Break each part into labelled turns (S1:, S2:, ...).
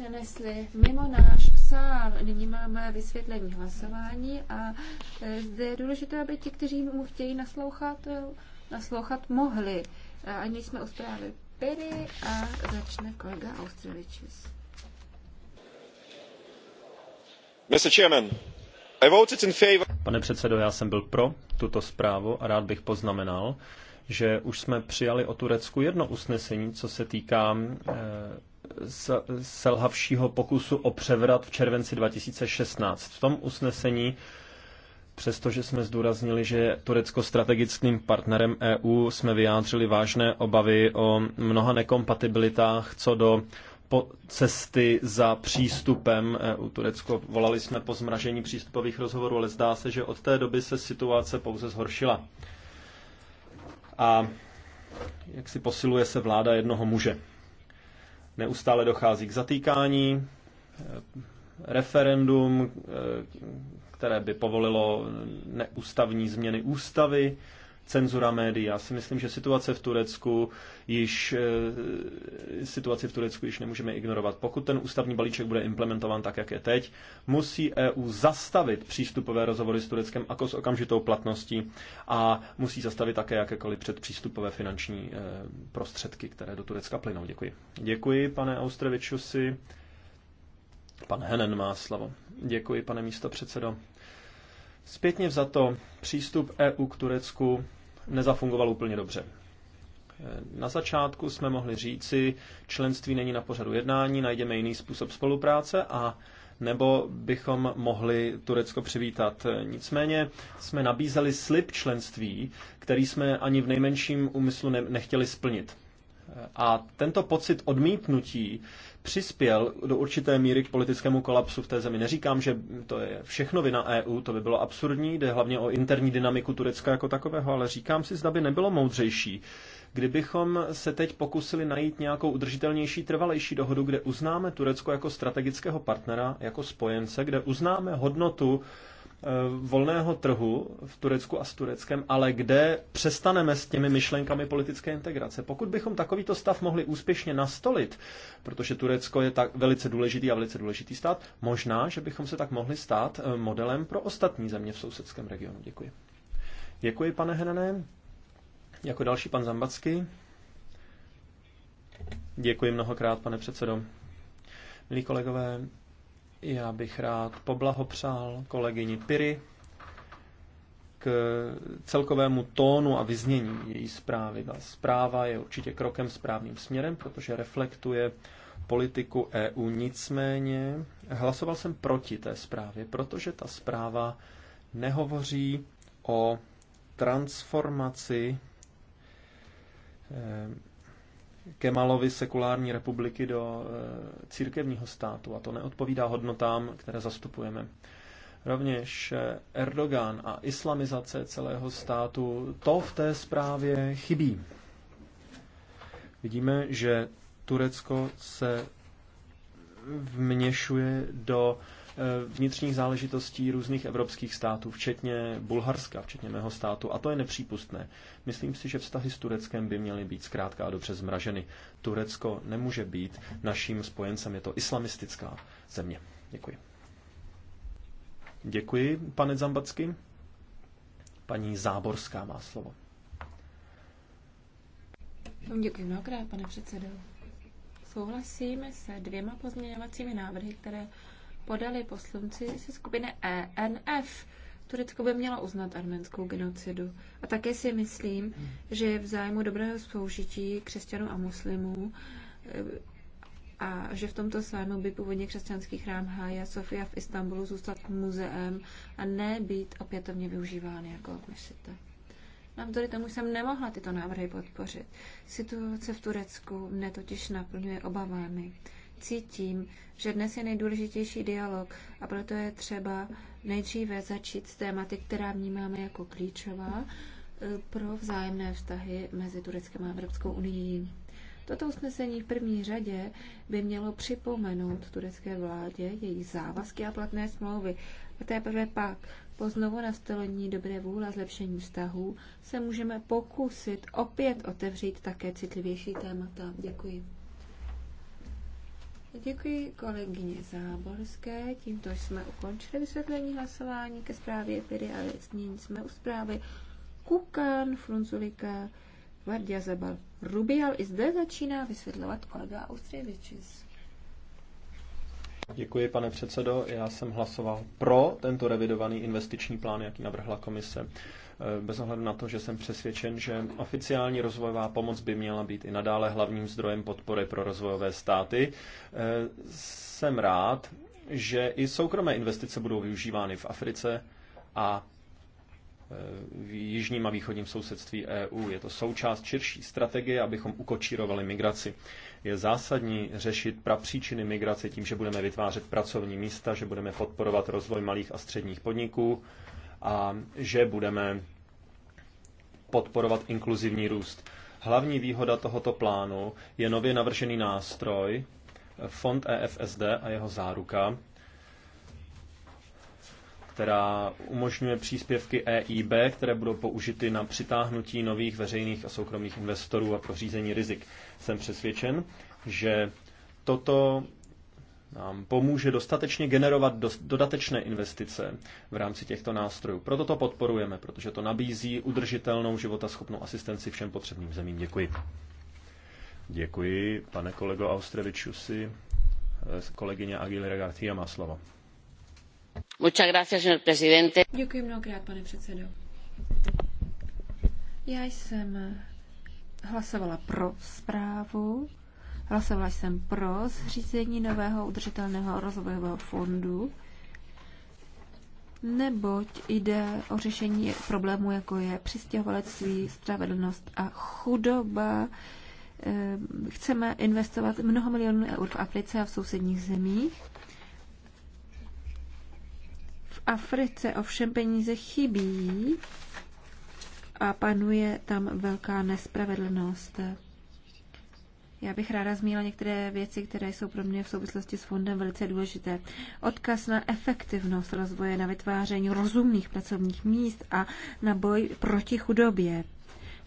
S1: přenesli mimo náš sál. Nyní máme vysvětlení hlasování a e, zde je důležité, aby ti, kteří mu chtějí naslouchat, e, naslouchat mohli. E, a nyní jsme u zprávy Piry a začne kolega Australičis.
S2: Mr. Chairman, I voted in favor... Pane předsedo, já jsem byl pro tuto zprávu a rád bych poznamenal, že už jsme přijali o Turecku jedno usnesení, co se týká selhavšího pokusu o převrat v červenci 2016. V tom usnesení, přestože jsme zdůraznili, že je Turecko strategickým partnerem EU, jsme vyjádřili vážné obavy o mnoha nekompatibilitách co do po cesty za přístupem EU Turecko. Volali jsme po zmražení přístupových rozhovorů, ale zdá se, že od té doby se situace pouze zhoršila. A jak si posiluje se vláda jednoho muže. Neustále dochází k zatýkání, eh, referendum, eh, které by povolilo neústavní změny ústavy, cenzura médií. Já si myslím, že situace v Turecku již, eh, situaci v Turecku již nemůžeme ignorovat. Pokud ten ústavní balíček bude implementován tak, jak je teď, musí EU zastavit přístupové rozhovory s Tureckem jako s okamžitou platností a musí zastavit také jakékoliv předpřístupové finanční eh, prostředky, které do Turecka plynou. Děkuji. Děkuji, pane Austrevičusi. Pan Henen má slovo. Děkuji, pane místo předsedo. Zpětně to přístup EU k Turecku nezafungoval úplně dobře. Na začátku jsme mohli říci, členství není na pořadu jednání, najdeme jiný způsob spolupráce a nebo bychom mohli Turecko přivítat. Nicméně jsme nabízeli slib členství, který jsme ani v nejmenším úmyslu nechtěli splnit. A tento pocit odmítnutí přispěl do určité míry k politickému kolapsu v té zemi. Neříkám, že to je všechno vina EU, to by bylo absurdní, jde hlavně o interní dynamiku Turecka jako takového, ale říkám si, zda by nebylo moudřejší, kdybychom se teď pokusili najít nějakou udržitelnější, trvalejší dohodu, kde uznáme Turecko jako strategického partnera, jako spojence, kde uznáme hodnotu Eh, volného trhu v Turecku a s Tureckem, ale kde přestaneme s těmi myšlenkami politické integrace. Pokud bychom takovýto stav mohli úspěšně nastolit, protože Turecko je tak velice důležitý a velice důležitý stát, možná, že bychom se tak mohli stát eh, modelem pro ostatní země v sousedském regionu. Děkuji. Děkuji, pane Henané. Jako další pan Zambacky. Děkuji mnohokrát, pane předsedo. Milí kolegové, já bych rád poblahopřál kolegyni Piry k celkovému tónu a vyznění její zprávy. Ta zpráva je určitě krokem správným směrem, protože reflektuje politiku EU. Nicméně hlasoval jsem proti té zprávě, protože ta zpráva nehovoří o transformaci eh, Kemalovi sekulární republiky do eh, církevního státu a to neodpovídá hodnotám, které zastupujeme. Rovněž eh, Erdogan a islamizace celého státu, to v té zprávě chybí. Vidíme, že Turecko se vměšuje do Eh, vnitřních záležitostí různých evropských států, včetně Bulharska, včetně mého státu, a to je nepřípustné. Myslím si, že vztahy s Tureckem by měly být zkrátka a dobře zmraženy. Turecko nemůže být naším spojencem, je to islamistická země. Děkuji. Děkuji, pane Zambacky. Paní Záborská má slovo.
S1: Děkuji mnohokrát, pane předsedo. Souhlasíme se dvěma pozměňovacími návrhy, které podali poslanci se skupiny ENF. Turecko by mělo uznat arménskou genocidu. A také si myslím, že je v zájmu dobrého soužití křesťanů a muslimů eh, a že v tomto sánu by původně křesťanský chrám Hagia Sofia v Istanbulu zůstat muzeem a ne být opětovně využíván jako mešita. Navzdory tomu jsem nemohla tyto návrhy podpořit. Situace v Turecku mne totiž naplňuje obavami cítím, že dnes je nejdůležitější dialog a proto je třeba nejdříve začít s tématy, která vnímáme jako klíčová e, pro vzájemné vztahy mezi Tureckem a Evropskou unii. Toto usnesení v první řadě by mělo připomenout turecké vládě její závazky a platné smlouvy. A teprve pak, po znovu nastolení dobré vůle a zlepšení vztahů, se můžeme pokusit opět otevřít také citlivější témata. Děkuji. Děkuji kolegyně Záborské. Tímto jsme ukončili vysvětlení hlasování ke zprávě Piry a změní jsme u zprávy Kukan, Frunzulika, Vardia Zabal, Rubial. I zde začíná vysvětlovat kolega Austrievičis.
S2: Děkuji, pane předsedo. Já jsem hlasoval pro tento revidovaný investiční plán, jaký navrhla komise. Eh, bez ohledu na to, že jsem přesvědčen, že oficiální rozvojová pomoc by měla být i nadále hlavním zdrojem podpory pro rozvojové státy. Eh, jsem rád, že i soukromé investice budou využívány v Africe a eh, v jižním a východním sousedství EU. Je to součást širší strategie, abychom ukočírovali migraci. Je zásadní řešit prapříčiny migrace tím, že budeme vytvářet pracovní místa, že budeme podporovat rozvoj malých a středních podniků, a že budeme podporovat inkluzivní růst. Hlavní výhoda tohoto plánu je nově navržený nástroj, fond EFSD a jeho záruka, která umožňuje příspěvky EIB, které budou použity na přitáhnutí nových veřejných a soukromých investorů a pro řízení rizik. Jsem přesvědčen, že toto nám pomůže dostatečně generovat dodatečné investice v rámci těchto nástrojů. Proto to podporujeme, protože to nabízí udržitelnou životaschopnou asistenci všem potřebným zemím. Děkuji. Děkuji, pane kolego Austrevičusi. Eh, kolegyně Aguilera García má slovo.
S1: Děkuji mnohokrát, pane předsedo. Já jsem hlasovala pro zprávu Hlasovala jsem pro zřízení nového udržitelného rozvojového fondu, neboť jde o řešení problémů, jako je přistěhovalectví, spravedlnost a chudoba. Ehm, chceme investovat mnoho milionů eur v Africe a v sousedních zemích. V Africe ovšem peníze chybí a panuje tam velká nespravedlnost. Já bych ráda zmínila některé věci, které jsou pro mě v souvislosti s fondem velice důležité. Odkaz na efektivnost rozvoje, na vytváření rozumných pracovních míst a na boj proti chudobě.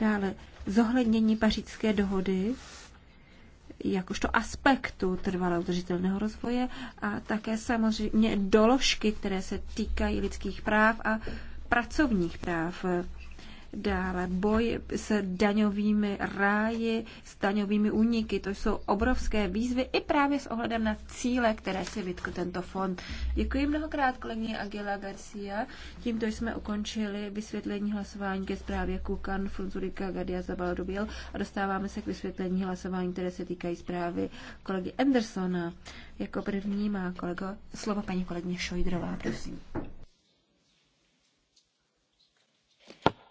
S1: Dále zohlednění pařížské dohody jakožto aspektu trvalé udržitelného rozvoje a také samozřejmě doložky, které se týkají lidských práv a pracovních práv dále boj s daňovými ráji, s daňovými úniky. To jsou obrovské výzvy i právě s ohledem na cíle, které si vytkl tento fond. Děkuji mnohokrát kolegyně Agila Garcia. Tímto jsme ukončili vysvětlení hlasování ke zprávě Kukan, Funzurika, Gadia Zabaldobil a dostáváme se k vysvětlení hlasování, které se týkají zprávy kolegy Andersona. Jako první má kolego, slovo paní kolegyně Šojdrová, prosím.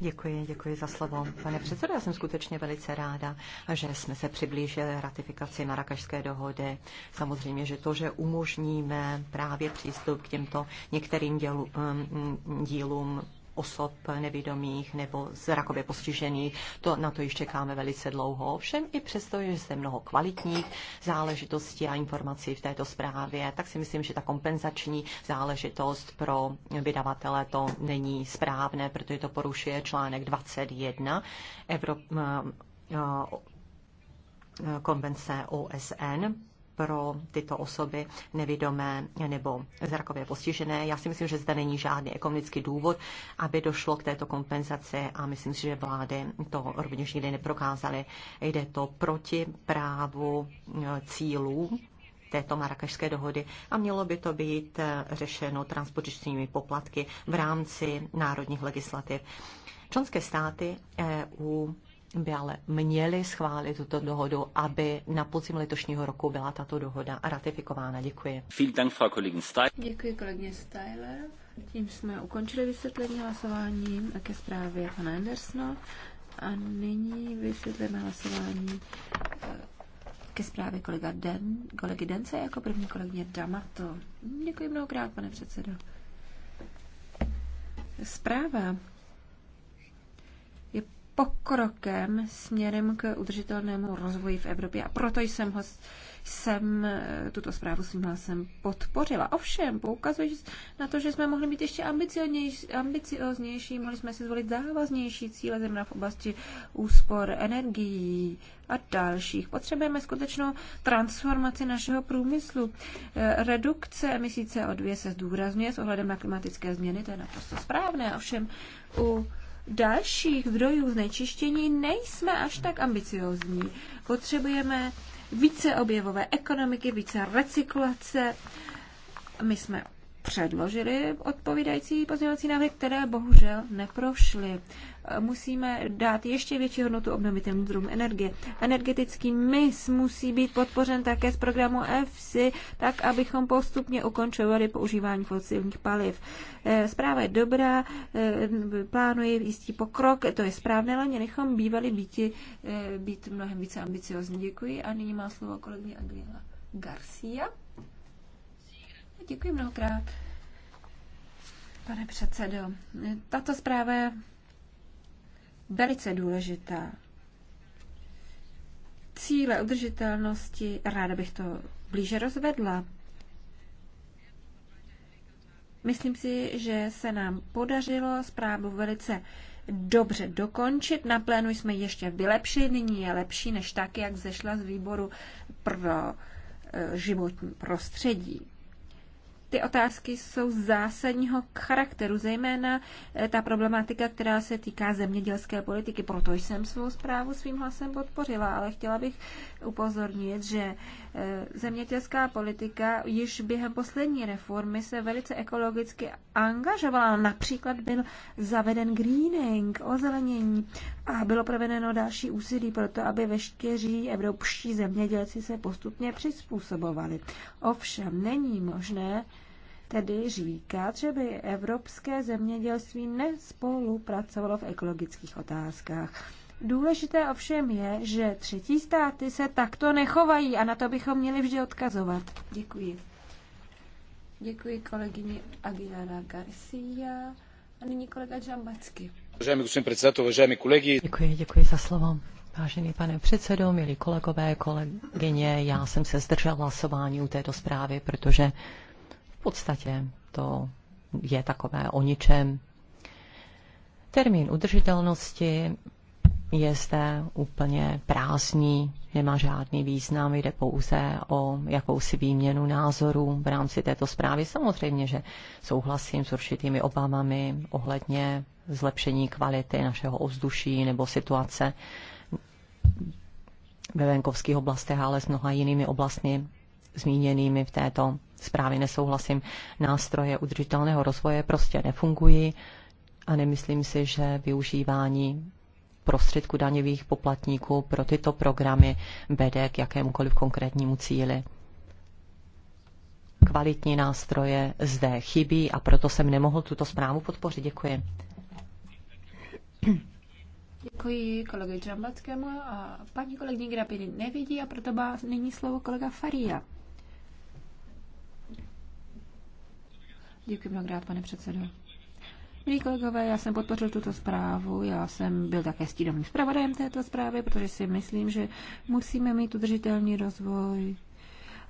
S3: Děkuji, děkuji za slovo. Pane předsedo, já jsem skutečně velice ráda, že jsme se přiblížili ratifikaci Marakašské dohody. Samozřejmě, že to, že umožníme právě přístup k těmto některým dělu, mm, mm, dílům osob nevědomých nebo zrakově postižených. To, na to již čekáme velice dlouho. Všem i přesto, že se mnoho kvalitních záležitostí a informací v této zprávě, tak si myslím, že ta kompenzační záležitost pro vydavatele to není správné, protože to porušuje článek 21 Evrop, eh, eh, konvence OSN pro tyto osoby nevidomé nebo zrakově postižené. Já si myslím, že zde není žádný ekonomický důvod, aby došlo k této kompenzaci a myslím si, že vlády to rovněž nikdy neprokázaly. Jde to proti právu e, cílů této marrakešské dohody a mělo by to být e, řešeno transpozičními poplatky v rámci národních legislativ. Členské státy EU by ale měli schválit tuto dohodu, aby na podzim letošního roku byla tato dohoda ratifikována. Děkuji.
S1: Děkuji kolegyně Styler. Tím jsme ukončili vysvětlení hlasování ke zprávě pana Andersona. A nyní vysvětlíme hlasování eh, ke zprávě kolega Den, kolegy Dence jako první kolegyně Damato. Děkuji mnohokrát, pane předsedo. Zpráva pokrokem směrem k udržitelnému rozvoji v Evropě a proto jsem, ho, jsem eh, tuto zprávu svým hlasem podpořila. Ovšem, poukazuje na to, že jsme mohli být ještě ambicioznější, mohli jsme si zvolit závaznější cíle, zejména v oblasti úspor energií a dalších. Potřebujeme skutečnou transformaci našeho průmyslu. Eh, redukce emisí CO2 se zdůrazňuje s ohledem na klimatické změny, to je naprosto správné, ovšem u dalších zdrojů znečištění nejsme až tak ambiciozní. Potřebujeme více objevové ekonomiky, více recyklace. My jsme předložili odpovídající pozměňovací návrhy, které bohužel neprošly. Musíme dát ještě větší hodnotu obnovitelným zdrojům energie. Energetický mis musí být podpořen také z programu EFSI, tak abychom postupně ukončovali používání fosilních paliv. Eh, zpráva je dobrá, eh, plánuje jistý pokrok, to je správné, ale nechom bývali býti, eh, být mnohem více ambiciozní. Děkuji a nyní má slovo kolegyně Agriela Garcia. Děkuji mnohokrát, pane předsedo. Tato zpráva je velice důležitá. Cíle udržitelnosti, ráda bych to blíže rozvedla. Myslím si, že se nám podařilo zprávu velice dobře dokončit. Na plénu jsme ještě vylepšili, nyní je lepší než tak, jak zešla z výboru pro eh, životní prostředí. Ty otázky jsou zásadního charakteru, zejména eh, ta problematika, která se týká zemědělské politiky. Proto jsem svou zprávu svým hlasem podpořila, ale chtěla bych upozornit, že eh, zemědělská politika již během poslední reformy se velice ekologicky angažovala. Například byl zaveden greening, ozelenění a bylo provedeno další úsilí pro to, aby veškeří evropští zemědělci se postupně přizpůsobovali. Ovšem není možné, tedy říkat, že by evropské zemědělství nespolupracovalo v ekologických otázkách. Důležité ovšem je, že třetí státy se takto nechovají a na to bychom měli vždy odkazovat. Děkuji. Děkuji kolegyni Aguilera Garcia a nyní kolega Džambacky.
S2: kolegy. Děkuji,
S3: děkuji za slovo. Vážený pane předsedo, milí kolegové, kolegyně, já jsem se zdržel hlasování u této zprávy, protože podstatě to je takové o ničem. Termín udržitelnosti je zde úplně prázdný, nemá žádný význam, jde pouze o jakousi výměnu názorů v rámci této zprávy. Samozřejmě, že souhlasím s určitými obavami ohledně zlepšení kvality našeho ovzduší nebo situace ve venkovských oblastech, ale s mnoha jinými oblastmi zmíněnými v této zprávě nesouhlasím. Nástroje udržitelného rozvoje prostě nefungují a nemyslím si, že využívání prostředku daňových poplatníků pro tyto programy vede k jakémukoliv konkrétnímu cíli. Kvalitní nástroje zde chybí a proto jsem nemohl tuto zprávu podpořit. Děkuji.
S1: Děkuji kolegovi Džambackému a paní kolegyně Grapiny nevidí a proto má nyní slovo kolega Faria. Děkuji mnohokrát, pane předsedo. Milí kolegové, já jsem podpořil tuto zprávu, já jsem byl také stínovým zpravodajem této zprávy, protože si myslím, že musíme mít udržitelný rozvoj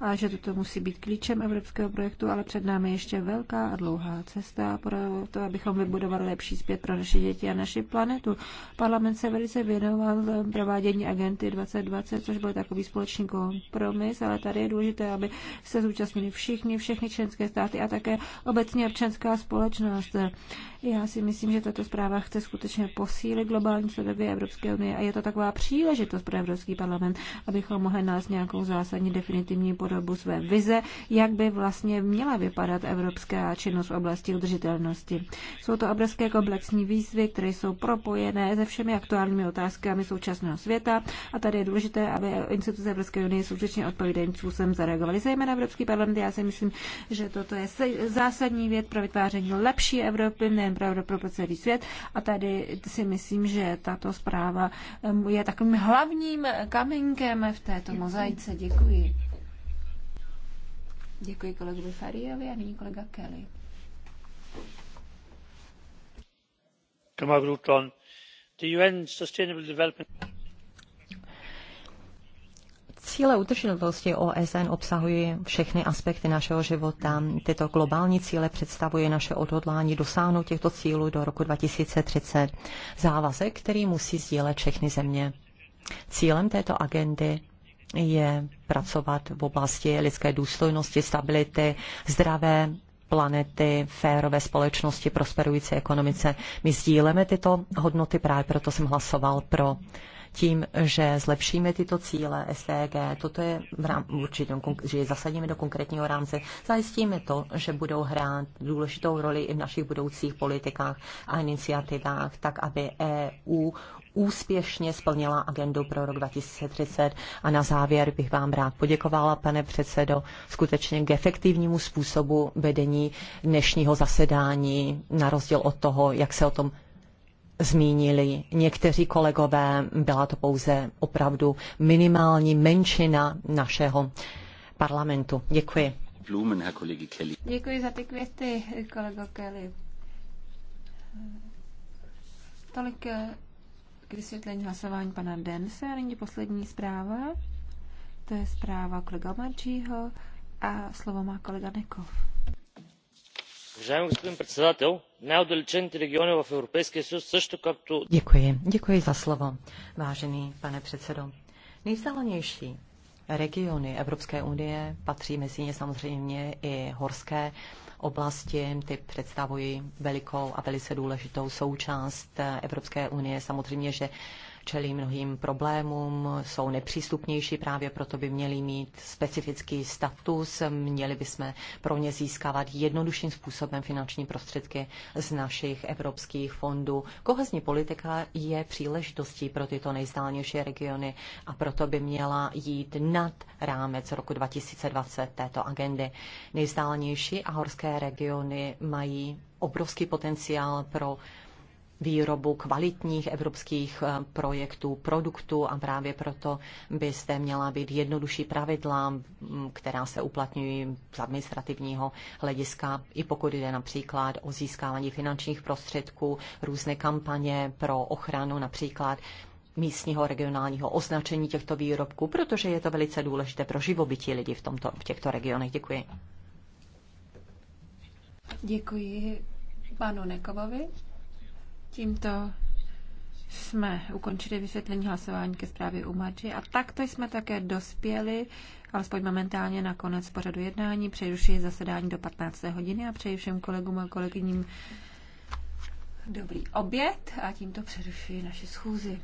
S1: a že toto musí být klíčem evropského projektu, ale před námi ještě velká a dlouhá cesta pro to, abychom vybudovali lepší zpět pro naše děti a naši planetu. Parlament se velice věnoval provádění agenty 2020, což byl takový společný kompromis, ale tady je důležité, aby se zúčastnili všichni, všechny členské státy a také obecně občanská společnost. Já si myslím, že tato zpráva chce skutečně posílit globální sledově Evropské unie a je to taková příležitost pro Evropský parlament, abychom mohli nás nějakou zásadní definitivní podobu své vize, jak by vlastně měla vypadat evropská činnost v oblasti udržitelnosti. Jsou to obrovské komplexní výzvy, které jsou propojené se všemi aktuálními otázkami současného světa a tady je důležité, aby instituce Evropské unie odpovídají odpovídajícím způsobem zareagovaly. Zejména Evropský parlament, já si myslím, že toto je zásadní věc pro vytváření lepší Evropy, nejen pro Evropu, pro celý svět. A tady si myslím, že tato zpráva um, je takovým hlavním kamínkem v této mozaice. Děkuji. Děkuji kolegovi Fariovi a nyní kolega Kelly.
S3: Cíle udržitelnosti OSN obsahují všechny aspekty našeho života. Tyto globální cíle představují naše odhodlání dosáhnout těchto cílů do roku 2030. Závazek, který musí sdílet všechny země. Cílem této agendy je pracovat v oblasti lidské důstojnosti, stability, zdravé planety, férové společnosti, prosperující ekonomice. My sdíleme tyto hodnoty, právě proto jsem hlasoval pro tím, že zlepšíme tyto cíle SDG, e toto je v rám, určitě, že je zasadíme do konkrétního rámce, zajistíme to, že budou hrát důležitou roli i v našich budoucích politikách a iniciativách, tak aby EU úspěšně splnila agendu pro rok 2030. A na závěr bych vám rád poděkovala, pane předsedo, skutečně k efektivnímu způsobu vedení dnešního zasedání, na rozdíl od toho, jak se o tom zmínili někteří kolegové, byla to pouze opravdu minimální menšina našeho parlamentu. Děkuji. Blumen, Herr Kelly.
S1: Děkuji za ty květy, kolego Kelly. Tolik eh, k vysvětlení hlasování pana Dense. A nyní poslední zpráva. To je zpráva kolega Marčího a slovo má kolega Nekov.
S3: Děkuji, děkuji za slovo, vážený pane předsedo. Nejvzdálenější regiony Evropské unie, patří mezi ně samozřejmě i horské oblasti, ty představují velikou a velice důležitou součást Evropské unie. Samozřejmě, že čelí mnohým problémům, jsou nepřístupnější, právě proto by měli mít specifický status, měli bychom pro ně získávat jednodušším způsobem finanční prostředky z našich evropských fondů. Kohezní politika je příležitostí pro tyto nejzdálnější regiony a proto by měla jít nad rámec roku 2020 této agendy. Nejzdálnější a horské regiony mají obrovský potenciál pro výrobu kvalitních evropských eh, projektů, produktů a právě proto byste měla být jednodušší pravidla, která se uplatňují z administrativního hlediska, i pokud jde například o získávání finančních prostředků, různé kampaně pro ochranu například místního regionálního označení těchto výrobků, protože je to velice důležité pro živobytí lidí v, tomto, v těchto regionech. Děkuji.
S1: Děkuji panu Nekovovi. Tímto jsme ukončili vysvětlení hlasování ke zprávě Umači a takto jsme také dospěli, alespoň momentálně na konec pořadu jednání, přerušuji zasedání do 15. hodiny a přeji všem kolegům a kolegyním dobrý oběd a tímto přerušuji naši schůzi.